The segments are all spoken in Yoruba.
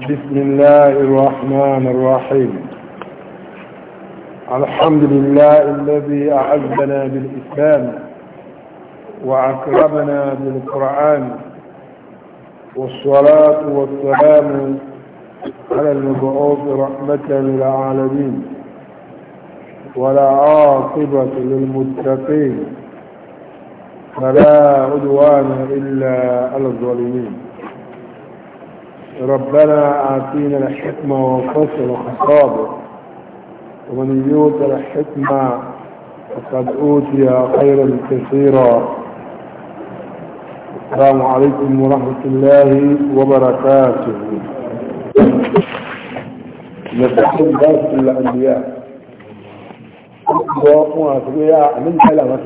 بسم الله الرحمن الرحيم الحمد لله الذي أعزنا بالإسلام وأكرمنا بالقرآن والصلاة والسلام على المبعوث رحمة للعالمين ولا عاقبة للمتقين فلا عدوان إلا على الظالمين ربنا آتينا الحكمة وانفصل خطابه ومن يؤت الحكمة فقد أوتي خيرا كثيرا السلام عليكم ورحمة الله وبركاته نتحدث درس الأنبياء وقوا أتبيع من كلمة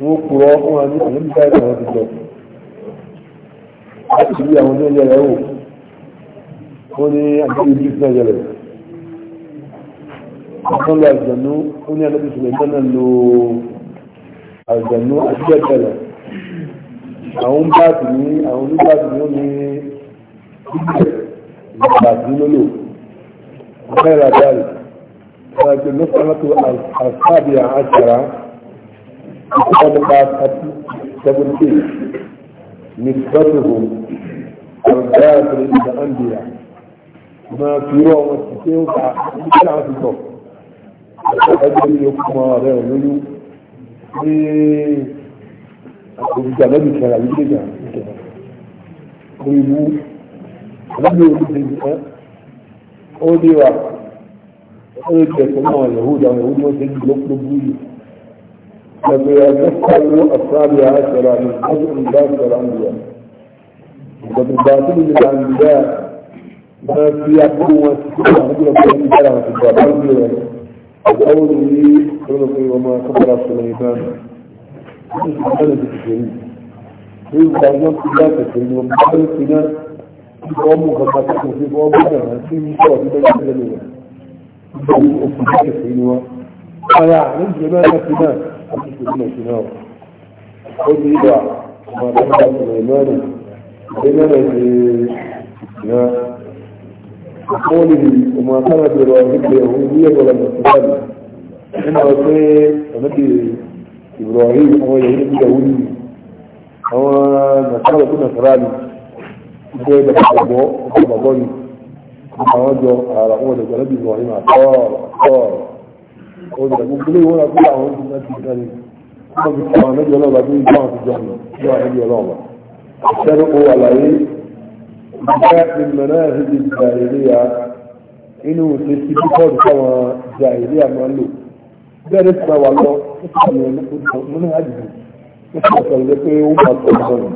جوب من láti ṣe bí àwọn tó ń yẹlẹ wò ó ní àgbẹ̀bí bí fún ẹ̀yẹlẹ ọ̀kan lọ àjẹ̀nú ó ní àgbẹ̀bí sùlẹ̀ tọ́nà lo àjẹ̀nú àti bẹ́ẹ̀ bẹ́ẹ̀ lọ àwọn báàtì ní àwọn oníbàtì ní ó ní ìgbàtí lólò ọ̀fẹ́ra dáre ọ̀rẹ́gbẹ̀ mẹ́sàn-án àṣàbíà àṣàrà ìpínlẹ̀ nípa 37 نسبتهم الكافر إلى الأنبياء ما في روح والسكين وكلام في الكفر أجل يقوم هذا ونجو أقول جنبي كلام يجي ويبو لم يولد أودي وقت أودي كمان يهود يهود يهود يهود يهود يهود فتيمثل أصابعها شرائع جزء من ذلك الأنبياء وبالباطل من الأنبياء ما في قوة رجل في كلام القرآن وقوله خلقي وما كبر سليمان سبحانه الكريم يبقى نفس ذات الكريم ومحرقنا في قومك ما تكون في قومك في قومك في قومك في قومك في قومك في قومك ويعلم جمال السماء يقول سناوة قل إذا ما تبقى سليمان سليمان سناء قوله وما كان إبراهيم يهوديا ولا نصرانيا إن أوصي النبي إبراهيم هو يهودي يهودي هو نصراني كنا نصراني ìgbẹ́ ìgbà àgbọ̀ ọ̀gbọ̀gbọ́ ni àwọn àjọ àràwọ̀ ọ̀dọ̀gbọ̀lẹ́bí ìwọ̀nyí máa tọ́ọ̀rọ̀ tọ́ọ̀rọ̀ ọjà gbogbo ìwọ́n àti àwọn oṣù náà ti dá ní wọ́n fi kọ́ ànájọ́ ọlọ́ba tó ń bá wọn ti jọ ọ̀nà ní ànájọ́ ọlọ́ba ìṣẹ́rù ó wà láyé ìgbà ìmọ̀nà ìdí ìgbà ìléyà inú ṣe ti bí bọ́ọ̀dù táwọn ìgbà ìléyà máa ń lò bẹ́ẹ̀ ní tìǹà wà lọ nínú àjùmọ̀ ó ti sọ̀rọ̀ lé pé ó máa tọ̀ ọ́ sọ̀rọ̀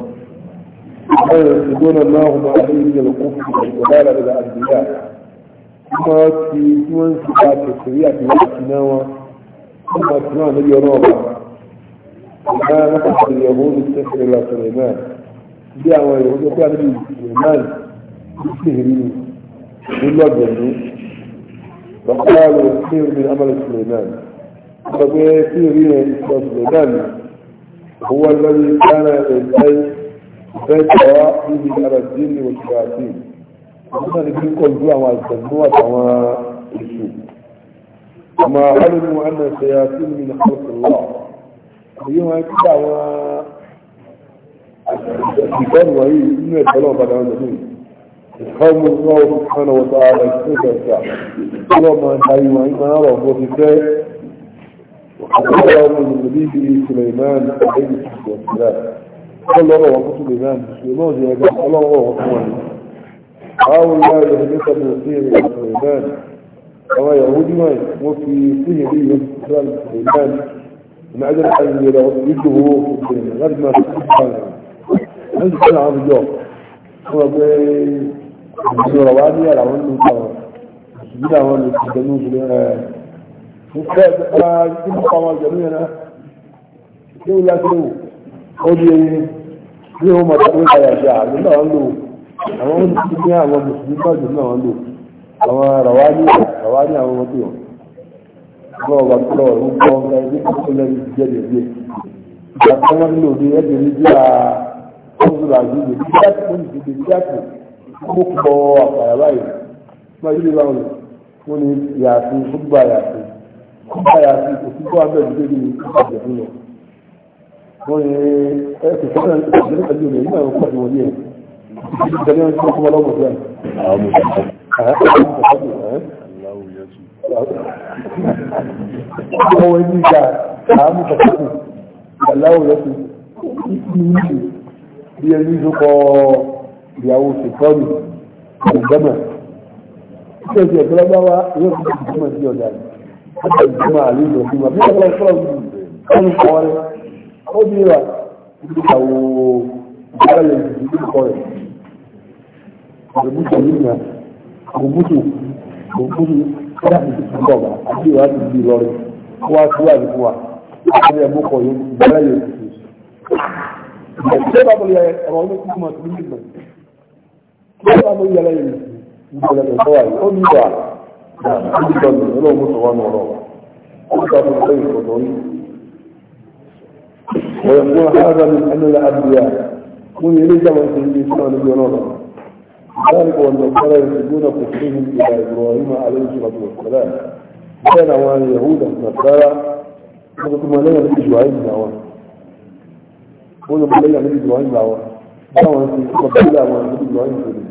bẹ́ẹ̀ ìgbóná náà wọn máa lé ìgbẹ̀lẹ̀ kó fún ìgbà mọ́ ti tí wọ́n ń ṣe bá kẹsìrí àti láti náà wọn wọ́n mọ̀ tí náà lórí ọ̀rọ̀ ọ̀bà ìgbà lápapọ̀ ìyàwó ní sẹ́fẹ̀rẹ̀ la sọ̀rọ̀ náà bí àwọn ìyàwó tó kúrò níbi ìṣẹ̀lẹ̀ náà ní sí ìrí ni ní lọ́gbẹ̀ẹ́nu bàbá rẹ̀ sí ìrí amọ̀lẹ̀ sọ̀rọ̀ náà sọ sí ìrí rẹ̀ ìṣẹ̀lẹ̀ náà ni nígbà tí kí n kọ́ ju àwọn àìsàn àtàwọn èṣù àmọ́ alóòmù àna ṣẹyà sí mi ní ọ̀sọ̀lọ́ èyí wọn kí àwọn ìfọ́nù wọ̀nyí inú ẹ̀tọ́ náà padà wọn lọ́dún ìfọ́nù náà ó fi kánà wọ́tá ara ìṣẹ́jọ ìjà ọlọ́mọ àtàyè wọn máa rọ̀ bó ti fẹ́ وقال من المديد سليمان عليه الصلاة والسلام قال الله وقال سليمان سليمان يا جماعة الله وقال هؤلاء يهلكه سحر سليمان كما يهودي وفي سحره سحر سليمان من أجل أن يرده في الدين غير ما تكون هذا كان عام اليوم هو رواني على عنده طبعا بلا هو اللي تدنوه سليمان مستقبل كل طوال جميعنا يقول لا تلو خذ ليه ما تقول آه، آه، يا شاعر الله عنده àwọn ohun tí ní àwọn mùsùlùmí bàjẹ́ náà wọ́n lò àwọn ràwáyé ràwáyé àwọn ọmọdé wọn lọ́wọ́ wà tó lọ́wọ́ ń kọ́ ọ̀gá ẹgbẹ́ tó tó lẹ́nu jẹ́ lẹ́gbẹ́ ìgbà tí wọ́n lò ní ẹgbẹ́ ní bíi ọ̀gbọ̀n àgbègbè bí kíákì ó ní ìdíje kíákì ó kọ àpàyà báyìí wọ́n yí lè wá wọn wọ́n ní yàtí fúgbà yàtí fúgbà yàtí òfúgbà bẹ́ẹ̀ ní ìpàdé fún wọn. wọ́n ní ẹ̀ẹ́dẹ̀gbẹ̀rún الجميع يسمعكم ولا مظلم هو يجي كا عامل تكتب الله يسمع يسمعني بيلميذ قا بيعو سكاني الجمع كذي كلا بوا يرد الجمع ديو جاني حتى الجمع عليه الجمع بيجي كلا كلا كانوا قارئ أو ديوا بيجاو قارئ بيجي قارئ rubuta yinna rubutu rubutu kada su cikin gaba a cewa su bi lori kuwa kuwa da kuwa a kan yamma koyon bara ya su da ce ba bul ya rauni kuma su bi ba ko ba mun yala yi da da kawai ko ni ba da ni da ni lo mu to wani ro ko ka mun kai ko don ويقول هذا من أن الأنبياء من يلزم أن يكون النبي ذلك وان والنصارى ينسبون كفرهم إلى إبراهيم عليه الصلاة والسلام كان وعن اليهود قلت ما لنا من إجوائهم دعوان ما لنا من إجوائهم دعوان دعوان في قبل وعن من إجوائهم دعوان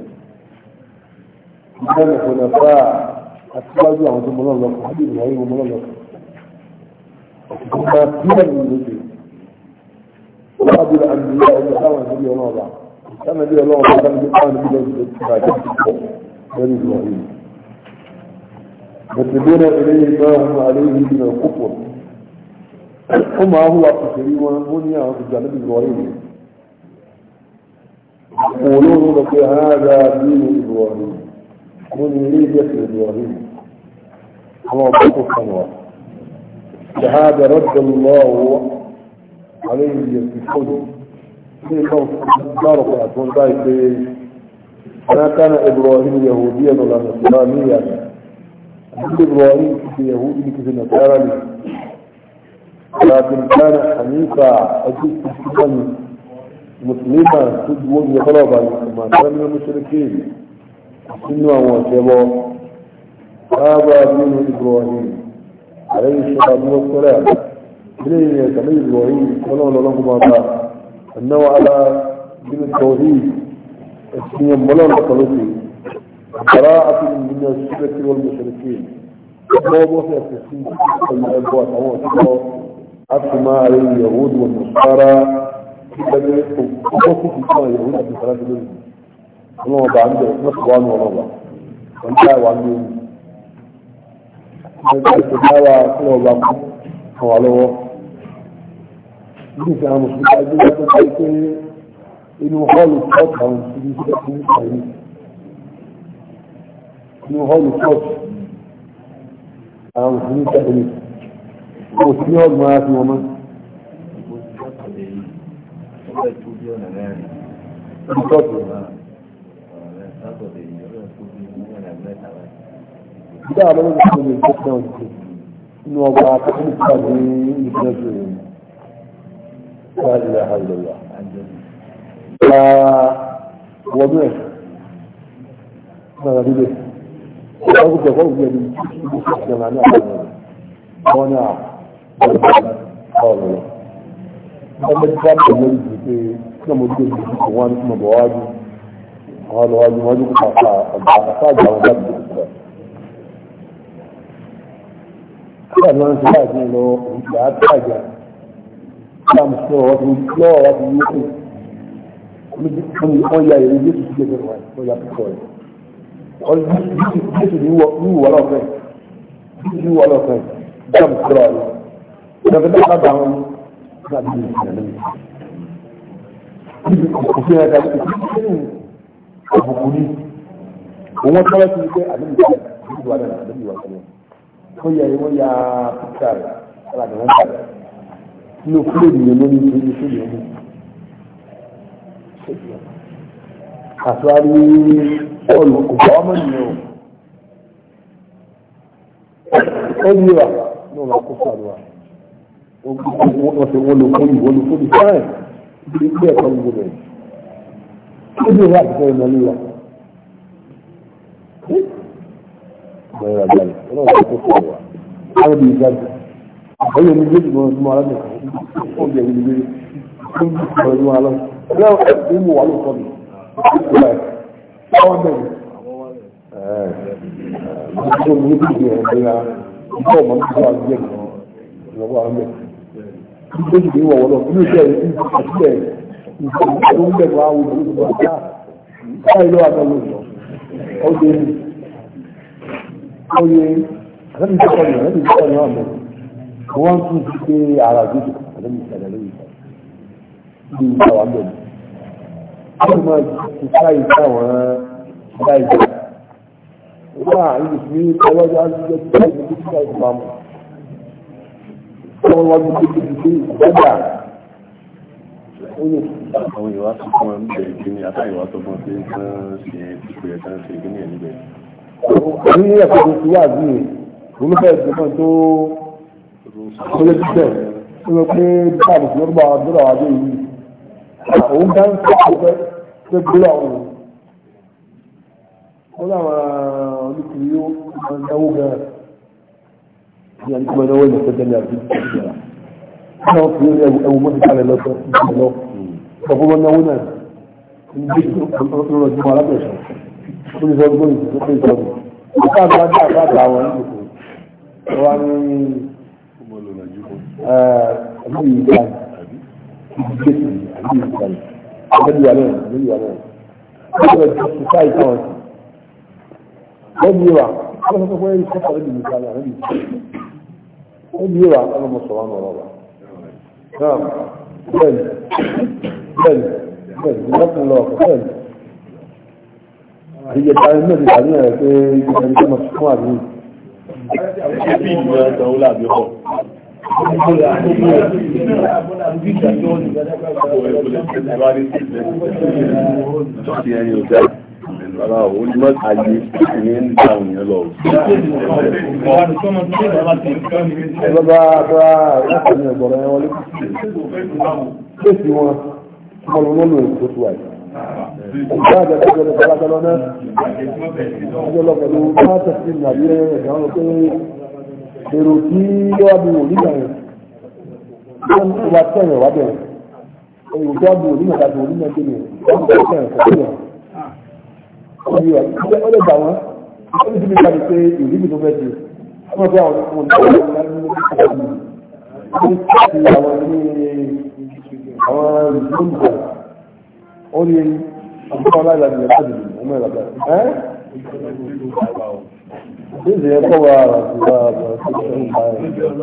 كان خلفاء أسواج وعن ثم الله وحبيب العين ومن الله ثم كان من الأنبياء وعن النبي الله كما بي الله وكما بي قال بي لن إبراهيم يتبين إليه ما هم عليه من الكفر وما هو كفري ومنيا عبد النبي إبراهيم يقولون لك هذا دين إبراهيم يريد يكفر إبراهيم الله سبحانه وتعالى فهذا رد الله عليه في الحزن في ما كان إبراهيم يهوديا ولا نصرانيا إبراهيم في يهودي في نصارى لكن كان حنيفا أجد مسلما مسلما تدوج يطلب ما كان من المشركين سنوا وشبا هذا دين إبراهيم عليه الصلاة والسلام إليه يتميز إبراهيم صلى الله عليه وسلم أنه على دين التوحيد اسمي ملون قلوبي براءة من الشرك والمشركين ما بوسع في السنة والمعبوات هو سنة اليهود والنصارى كتابة وقفوا في سنة اليهود في ثلاثة منهم الله بعمل نصب عنه ونضع وانتهى عنه نجد السنة وكله بعض هو على وقت E, nígbà àwọn òṣìṣẹ́ agbẹ́gbẹ́ tó kọ́ pé inú họ́ọ̀lù pọ́ọ̀tù àwọn òṣìṣẹ́ tó kọ́ nípa yìí inú họ́ọ̀lù pọ́ọ̀tù àwọn òṣìṣẹ́ tó kọ́ nípa kò sí họ́ọ̀lù máa fi wọn mọ́. Ìtọ́jú. Bí àwọn ọmọ ìgbésẹ̀ náà ti inú ọgbà akẹ́kọ̀ọ́ ní ìgbésẹ̀ rẹ̀. لا إله إلا الله وضع مغربه أرض غوية من كل جمعنا وانا قال الله أما الكتاب المريض في كم وجود في كوان كم بواجه قال واجه واجه قطع الحقاق على ذلك الكتاب قال وانا سلاحنا لو انت عاد حاجة ìsìlámù fún ọ̀rọ̀ tó lọ́wọ́ wá ti yókù wọ́n ya ìrìn jésù sí ẹgbẹ́ wa ló ya púpọ̀ rẹ̀ jésù ní ìwọ lọ́fẹ́ jésù ní ìwọ lọ́fẹ́ ìsìlámù fún ọ̀rọ̀ rẹ̀ ìjọba náà bá bá wọn láti ní ìsìlámù níbi òfin ẹ̀ka ní ìsìlámù àbùkù ní òun tọ́lá sí pé àdébìtì àdébìtì wà dára àdébìtì wà sọ́wọ́ wọ́n ya ìwọ́n ya púpọ̀ rẹ̀ ní òkú ènìyàn lórí ìṣèlú ìṣèlú ọmọ àtúwárí ọlù kò bá ọmọ ènìyàn o ó ní ìwà ní ọ̀rọ̀ kó fàdúrà wọ́n fi wọ́n lò fún ìwọ́n lò fún ìsáyẹ̀ ní ilé ẹ̀kọ́ gbogbo rẹ̀ ó ní ìwà àtúwárí ọmọ ìwà bẹ́ẹ̀ rà bẹ́ẹ̀ ọlọ́run kó fàdúrà á lè bí ìgbàgbọ́ ọ̀yọ́ ní gbé ìgbọ̀n ọdún alábẹ̀ ọ̀gbẹ̀ ìlú gbé ìgbọ̀n ọdún alábẹ̀ lẹ́wọ̀n ẹ̀sìn mú wà ló sọ mi ọwọ́ bẹ̀rẹ̀ ẹ̀ẹ́dẹ́gbẹ̀rún ní ìgbìyànjú ẹ̀ẹ́dẹ́gbẹ̀rún ìgbọ̀ ọmọ nígbà àgbẹ̀ ìgbọ̀n àgbẹ̀ ìgbẹ́ ìgbẹ́ ìwọ̀ wọ́lọ́ inú iṣẹ́ ìgbẹ́ ìgbẹ́ tó ń bẹ̀rù àwọn olùdókòwò àti àá ìlú àtàwọn ìjọ ọdún ọdún àtàwọn ìjọ kọlù àti ìjọ kọlù àmọ́ wọ́n tún ti pé ara ìdíje àlẹ́mí ìṣẹ̀lẹ̀ lórí ìṣẹ̀lẹ̀ ní ìgbà wà bẹ̀rẹ̀. wọ́n máa ti sáyé sáwọn láìjọ wọ́n à ń fi ọlọ́jọ́ àdúgbò tó ṣe ní kíkà ìpamọ́. wọ́n wá gbé tó ti pé ìgbàgbà àwọn ìwà tó fún ẹ níbẹ̀ kí ni àtà ìwà tó fún ẹ pé kán ṣe ìpè ẹ̀ kán ṣe ìgbìyànjú níbẹ̀. àwọn ilé ẹ̀kọ́ tó ti wà bí òun fẹ́ẹ̀ tó kólé títẹ̀ tó lọ pé báàbù tí lọ́gbà dúró àwọn adé yìí òun bá ń sọ́kọ̀ pé gbúlọ̀ òun ó láwọn olùkùnrin yóò máa ń dáwó gan-an ní ẹni tí wọ́n náwó ní ìpẹ́jẹ́ ní àbí ìpẹ́jẹ́ náà fi ń ẹwù àbí ìgbàn ìgbésì àbí ìgbàn àbẹ́lúwà náà àbẹ́lúwà náà wọ́n bẹ̀rẹ̀ tó ṣùkà ìtàn ọ̀sìn wọ́n bí wa wọ́n sọ pé ẹni sọ́kà lẹ́bi nìkan náà lẹ́bi wọ́n bí wa wọ́n mọ̀ sọ̀rọ̀ àwọn ọ̀rọ̀ náà bẹ́ẹ̀ni bẹ́ẹ̀ni bẹ́ẹ̀ni lọ́kùn lọ bẹ́ẹ̀ni àyẹ̀dá ẹni náà ti dàbí ẹ̀ pé ìgbà ẹni tó mọ̀ fún àdúgbò. Tọ́sí ẹyin ọ̀dá ara òun mọ́ ayé ní níta òyìn lọ. Ẹlọ́bá bá látàrí ẹ̀gbọ̀rọ̀ ẹ̀wọ̀n lé. Kéèsì wọn, mo lọ lọ́nà èkó tó wáyé. Ọjọ́ àjẹ́kọ́ jẹ́ lọ́pàá lágbàlọ́ náà. Ọjọ́ lọ́pàá ló máa tẹ̀sí ìrìnàjò ẹ̀gbọ̀n lọ pé èrò tí wọ́n bí òní mẹ́rin wọ́n tó bá tẹ̀rẹ̀ wá bẹ̀rẹ̀ èrò tó bí òní mẹ́ta tó òní mẹ́ta bẹ̀rẹ̀ wọ́n tó tẹ̀rẹ̀ kọ́ sílẹ̀ ọ̀bí wa ó lè gbà wọ́n ó lè fi kàdé pé ìlú mi tó fẹ́ ṣe wọ́n fẹ́ àwọn ọmọ náà wọ́n ní láti àwọn ní àwọn ìlúmọ̀ ó ní ọ̀pọ̀ aláìlànà ìlànà ìlànà ìlànà níbi yẹn wa àwọn tó ti ní àwọn primary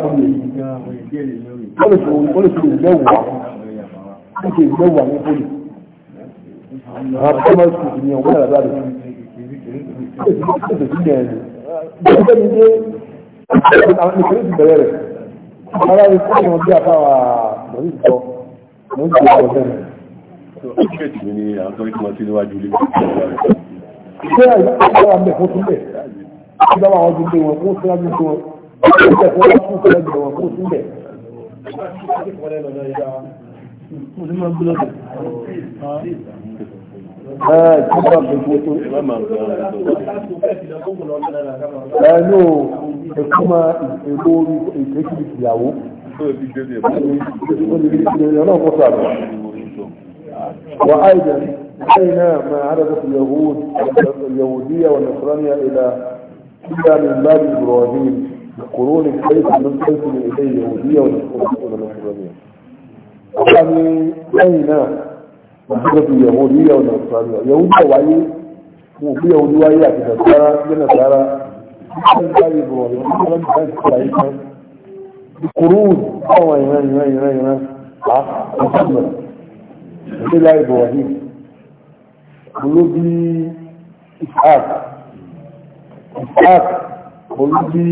ti ní ẹ̀yìn ìgbẹ́ mi dé àwọn ìṣẹ̀lẹ̀ ti bẹ̀rẹ̀ rẹ̀ ara rẹ̀ fún ọmọ bí àtàwà lórí ìjọ lórí ìjọ ọ̀gbọ́n rẹ̀. Ṣé ìṣèjì ni àwọn tó ìgbé àgbára mẹ́ fún túnbẹ̀ ìjọba àwọn ọdún wọn fún síwájú tó ìjọba fún wọn fún síwájú wọn fún túnbẹ̀. Ẹnu ẹ̀kúnmá èlò ìgbésí ìyàwó. Ọlọ́run kọ́ àgbà. Wà á ìjẹun. بين ما عرفت اليهود اليهودية والنصرانية إلى إلى من باب إبراهيم بقرون كيف من قلت من إليه اليهودية والنصرانية يعني بين ما عرفت اليهودية والنصرانية اليهودية وعي وفي يهودي وعي يعني لنا لنصارى من باب إبراهيم ومن باب إبراهيم بقرون أو أين أين أين أين أين أين أين أين أين أين olóbi ishaq ishaq olóbi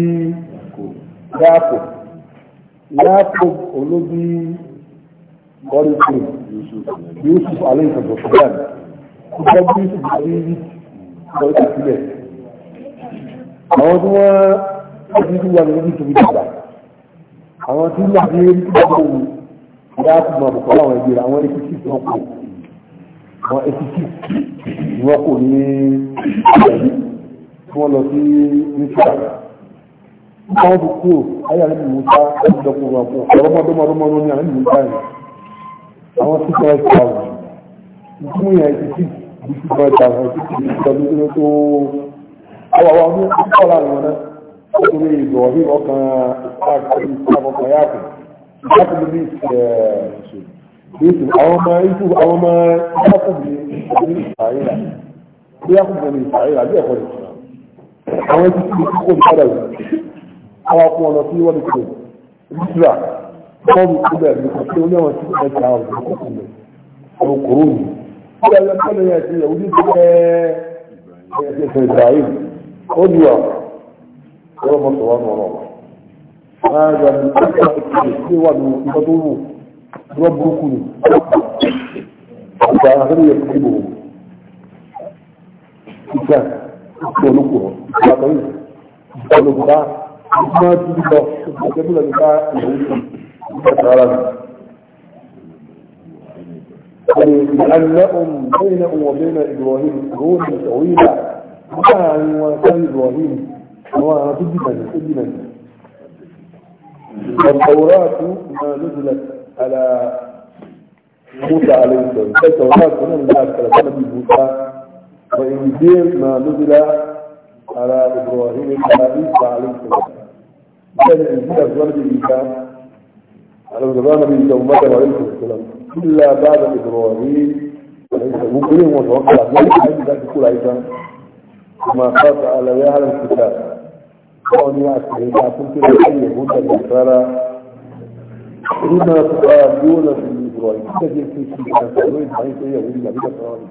yaako yaako olóbi bọ́líkì yusuf aleyhi sọ̀tọ̀sọ̀tàn kúkọ́ bí yusuf aleyhi bọ́líkì sílẹ̀ àwọn tí wọ́n ti ti wà lórí tóbi dàgbà àwọn tí wọ́n ti rí tóbi dàgbà yàtọ̀ mọ̀ bùkọ́ àwọn ẹgbẹ̀rẹ̀ àwọn ẹgbẹ̀rẹ̀ tí wọ́n kọ̀ wọn etiti wọn kò ní ìgbàlí tí wọn lọ sí nípa wọn bí kúrò ayé àlẹ́ mi musa ẹni dọ́kun wọn fún ọ̀rọ̀ mọ́dọ́mọdọ́mọdọ́ ní àlẹ́ mi musa yìí àwọn six hundred thousand ìtumọ̀ yẹn etiti bí six hundred thousand títí bí six hundred thousand tó àwọn àwọn ọdún tó kọ́ láàrin wọn náà ó torí ìgbọ̀ ọ̀hìn ọkàn ìpàkọ́ ìpàkọ́ yàtọ̀ ìpàkọ́ ní yéésù àwọn ọmọ yéésù àwọn ọmọ yákùbù ní ìsàáyà bí yákùbù ní ìsàáyà bí ẹ̀kọ́ ní ìsàáyà àwọn ẹtí tí kò ní padà yìí àwọn akọ ọ̀nà tí wọ́n ti pè ìsúra bọ́ọ̀lù tó bẹ̀rẹ̀ ní kòtò ní àwọn tí wọ́n ti àwọn ọ̀nà tó kù lẹ̀ àwọn kòrò yìí bí ẹ̀rọ ẹ̀kọ́ ní ẹ̀ ti yẹ̀wò ní ìsúra ẹ̀ẹ́dẹ̀sẹ̀ ìsàáyà ó ní wa ọlọ́mọ sọ̀rọ̀ nù ọ̀rọ̀ wa. ربكم فاخر يكتبه لأنهم بينهم وبين إبراهيم سرور طويلة وكان عن وكان إبراهيم هو جدا جدا التوراة ما نزلت على موسى عليه السلام فالتوراة هنا من ذلك كلام موسى وإنجيل ما نزل على إبراهيم على عيسى عليه السلام كان إنجيل أزوان عيسى على زمان النبي محمد عليه السلام إلا بعد إبراهيم وليس مكرم وتوكل على عند ذلك كل عيسى كما خاف على يهل الكتاب قال يا أخي إذا كنت لأي يهود النصارى هنا تقابلون في الإبراهيم الذي في التوراة حيث هي إلا بلا فراري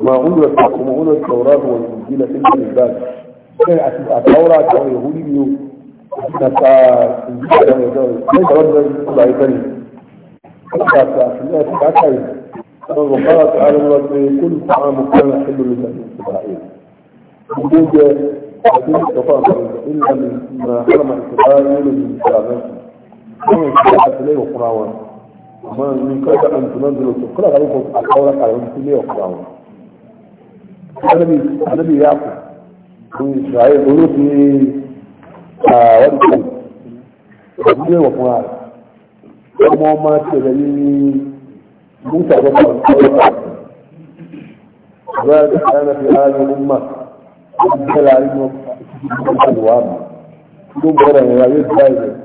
ما عمرت تقومون التوراة والإنجيل إلا من بعد التوراة كانوا يهودي وقال تعالى رب كل طعام كان حل لبني اسرائيل وجود الا ما حرم اسرائيل من شعبه kuma ke da su lai kurawa amma ni kai da an tunan da su kula da ku a kaura ka da su lai kurawa annabi annabi ya ku kun sai urufi a wannan ne wa kuma kuma ma ce da ni musa ba ba ذلك كان في هذه الأمة أجل عليهم الوام ثم بدأ يجب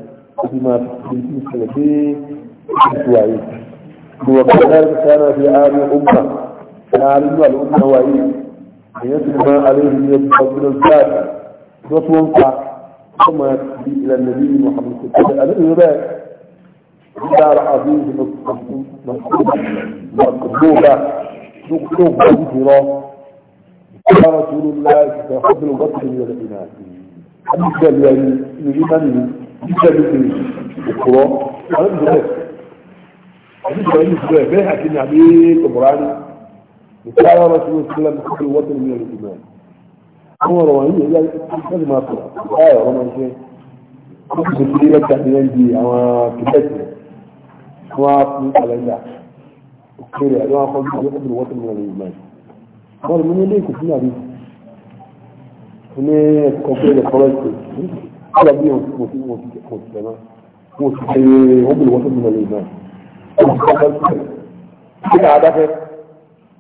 في ما في سنتين وكذلك كان في عام الأمة العالم الأمة وعيد يتم عليه من الفضل الفاتح وصوى ثم يكفي إلى النبي محمد صلى الله عليه وسلم دار عظيم مكتوبة مكتوبة مكتوبة بجرا قال رسول الله فضل بطن من الإناث أبدا يعني لمن nígbàgbé òkúrọ́ àdúgbòrẹ́ àdúgbòrẹ́ ìdúrẹ́ bẹ́ẹ̀ àkíní àbí kòmùránì ìkárá wọn ti ń sílẹ̀ nípa ìwọ́tò ní ẹ̀rọ ìgbìmọ̀ àwọn ọ̀rọ̀ wọn yìí yẹ kí máa sọ̀rọ̀ báyọ̀ ọ̀rọ̀ máa ń ṣe kó kò sí lẹ́tà ní ẹ̀ǹdì àwọn kìlẹ̀tì wọn á fún kàlẹ́ndà òkèèrè àti wọn á fọ́n bí ìwọ́tò ní ẹ̀rọ ìgbìmọ̀ wọn lè mú ní ilé ìkùsùn àbí ní ẹ̀kọ́ pé ẹ̀kọ́ rẹ̀ kọ́lọ̀ bí mo ti mo ti mo ti tẹ̀lé mo ti tẹ̀lé wọ́n bèrè wọ́n tó dùn lẹ́yìn náà ọmọ tó bá tẹ̀ ṣé ká adáfẹ́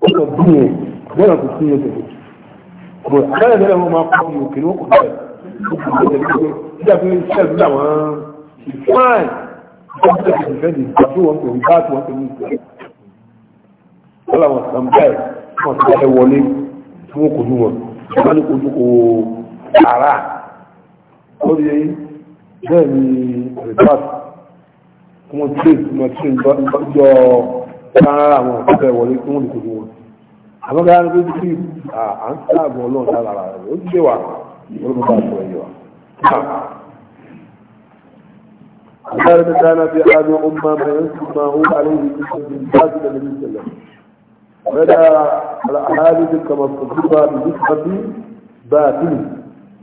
ó lọ bí yẹn bẹ́ẹ̀ kò sí yẹn tẹ̀lé bò bẹ́ẹ̀ bẹ́ẹ̀ wọ́n máa kọ́ mi òkè ní wọ́n kò bẹ̀rẹ̀ ó kò bẹ̀rẹ̀ pé nígbà tó ń ṣẹ́ ìlú àwọn ìfáàn wọ́n ti tẹ̀lé ìfẹ́ǹdì ìgbà tó wọ́n tẹ̀lé bá tó wọ́n tẹ̀lé ìgbà wọ́n làwọn sàn bẹ́ẹ̀ wọ́n ti tẹ̀lé wọlé tí wọ́n kò ní wọn ìgbà orí bẹ́ẹ̀ ni rìpáàtì wọ́n tí wọ́n tí ń bọ́jọ́ kánára àwọn ọ̀pẹ́ wọlé tí wọ́n lè kojú wọn àmọ́ gáyà ní tí à ń ó ti wà olóògùn bá sọ ẹ̀yẹ wa. Àgbáyé tó dáná bí adó ó máa bẹ̀rẹ̀ sí máa ó alẹ́ yìí tó ti ń bá sílẹ̀ nínú ìṣẹ̀lẹ̀. bá mi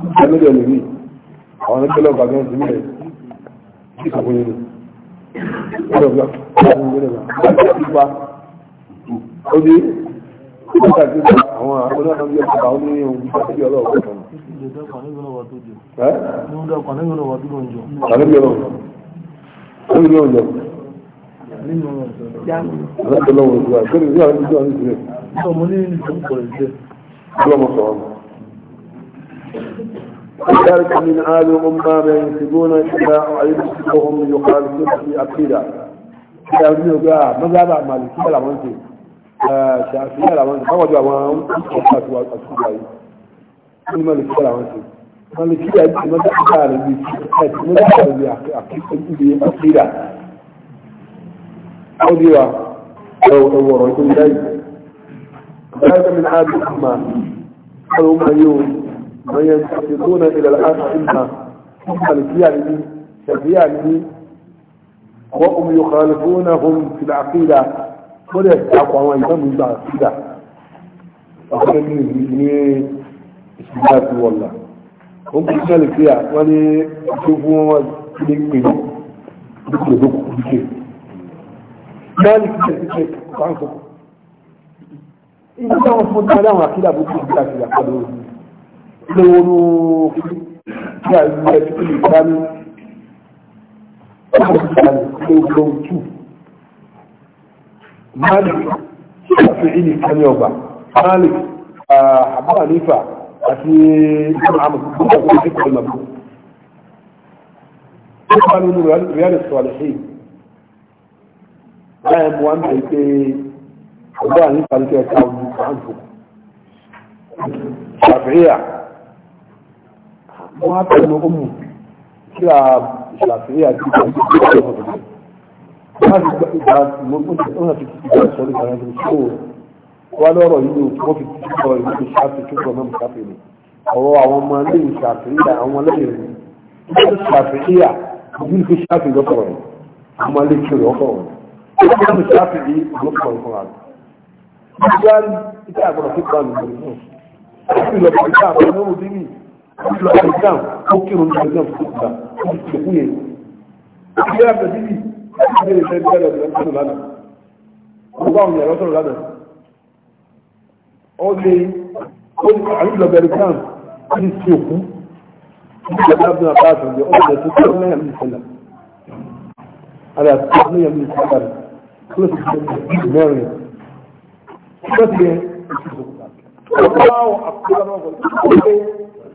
ìtẹ́lẹ́dẹ̀ lórí àwọn ẹgbẹ́lẹ̀ ọgbàgbẹ́ ìsinmi ìsàkóyẹ̀rẹ̀ Nínú ọ̀rọ̀ ìjọ́. Ọlọ́pẹ̀lọ́wọ̀ ìjọ́ àti ìjọ́ àti ìjọ́ àti ìjọ́. Ọmọ ní ìjọ́ ìpọ̀lẹ̀ jẹ́. Ọlọ́mọ sọ̀rọ̀. وذلك من آل أمة ينسبون إلى أعيبهم يخالفون في أبدا يقولون بقى آه، ماذا بقى مالكية لعوانتي آه، شافية لعوانتي فوجوا عوان أسفاتوا أسفاتوا من مالكية لعوانتي مالكية ماذا أعلم بسيطات ماذا أعلم بأقيدة أوديوا أو أو رأيكم ذلك هذا من عادة الأمة قالوا ما يوم وينتقلون إلى الآن إما مالكية لدي شافعية لدي وهم يخالفونهم في العقيدة ولا يتعقوا عن إمام العقيدة أخرى من إسمات والله هم مالكية ولي يشوفوا لكم dukkan duk duke malik da suke kwanso in kuma wasu mutane wa kila buku da kila lóoru tí a yẹ títí lè bá ní lóògbò tù malik ṣàfi ìlì kani ọba malik àbá nífà àti ìgbàmù gbogbo àwọn ìdíkọ̀ ìmọ̀bù ó bá nínú ríálì sọ̀rọ̀ sí láyé wọ́n á tẹ̀lé ọmọ kí a ṣàfihàn àti ìgbà tó ń bọ̀ láti gba ìgbà mọ́tò ti ìgbà sọ ní ìgbà tó ṣó wà lọ́rọ̀ yìí ó wọ́n fi sọ ìlú ṣáàtì tó sọ náà ṣáàtì ni ọ̀rọ̀ àwọn ọmọ ilé ìṣàfihàn àwọn ọlẹ́yìn rẹ̀ ìgbà ṣàfihàn ìlú ìfi ṣáàtì lọ́kọ̀ọ̀ rẹ̀ ọmọ ilé ìṣòro ọkọ̀ọ̀ rẹ̀ ìgbà ṣáàtì yìí lọ́kọ̀ọ̀ rẹ̀ fúnra rẹ̀ ìgbà ìgbà àgbọ̀rọ̀ tó gbà nù lọ àìsàn ó kírun ní ọjọ́ ìgbà ó ti tẹ̀kú yẹn ìgbé àgbẹ̀ bíbí ìgbé ìfẹ́ bẹ́ẹ̀ lọ sọ̀rọ̀ lánàá ó bá òun yàrá sọ̀rọ̀ lánàá ó lé ó ní àyùlọ bẹ̀rẹ̀ gán ó ti ti òkú ìgbà náà bí wọn bá àtúnjẹ ó lè tún tẹ̀kú náà ní ìṣẹ̀lẹ̀ àlẹ́ àtúnjẹ ní ìyẹn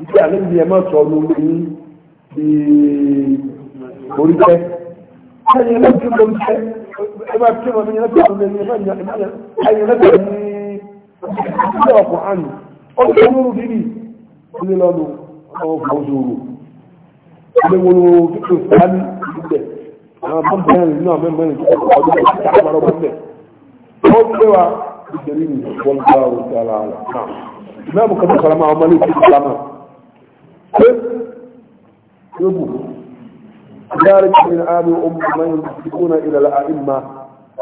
níbi àlejò ẹ̀ máa sọ̀rọ̀ lórí yín bí orí tẹ́ ẹ̀yìn ẹlẹ́tìrì lórí tẹ́ ẹ máa kí wọn ní ẹlẹ́tìrì lórí yín ẹ̀yìn ẹlẹ́tìrì ní ìdílé ọkọ̀ àná ọdún tó lóru bíbí ilé lọ́dún ọmọ ọkọ̀ òṣòro ilé wọn ló kíkọ́ ìsáàlì ìbílẹ̀ àwọn bọ́ǹbù náà nínú àwọn mẹ́mọ́ ìjọba ọdún tó kíkọ́ àpárọ̀ bọ́ǹbẹ̀ wọ́n gbé wa ìdẹ̀rí ni wọ́n gbá òṣèlú àlà náà ìmọ̀ àbùkọ́ tó kọ́ra máa ọmọ ilé ìjọba náà يبو ذلك من آل أم من يسبقون إلى الأئمة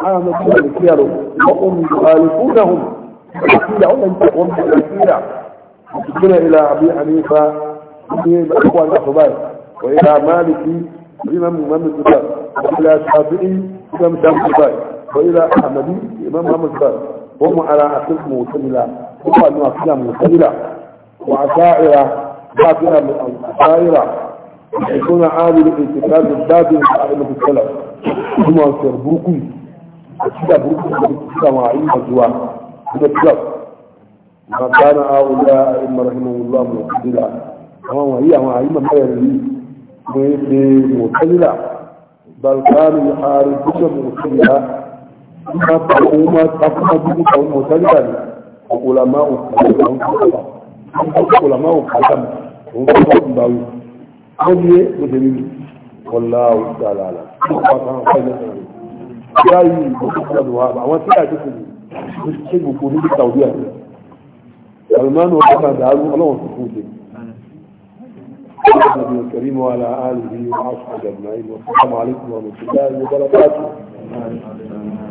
عام الكيالو وهم يخالفونهم كثيرا هم ينتقون كثيرا يسبقون إلى أبي حنيفة من أخوان أخبار وإلى مالك الإمام محمد بن وإلى الشافعي الإمام شافعي وإلى أحمد الإمام محمد بن وهم على أخذ معتزلة وقالوا أخذ معتزلة وعشائرة باطنة من الظاهرة يكون عامل الاعتقاد الباب قائم بالسلف ثم يصير بوكي كده بوكي كده معين مجواه كده كده ما كان هؤلاء إما رحمه الله من القبلة هو هي معين ما يريد بمعتزلة بل كانوا يحاربون المعتزلة ما تقوم تقوم بمعتزلة وعلماء الكلام وعلماء الكلام òun tó bá ń báwí wọ́n ní é bó ṣe nínú ọ̀la òdàlàlà báyìí ìgbòkúnlọ́dọ̀ wa àwọn tí àjọkùn ní ṣe gbogbo níbi Saudi Arabia almanu ọ̀pọ̀ta dáadọ́ ọlọ́wọ̀n tó fún ṣe النبي الكريم وعلى آله وصحبه أجمعين والسلام عليكم ورحمة الله وبركاته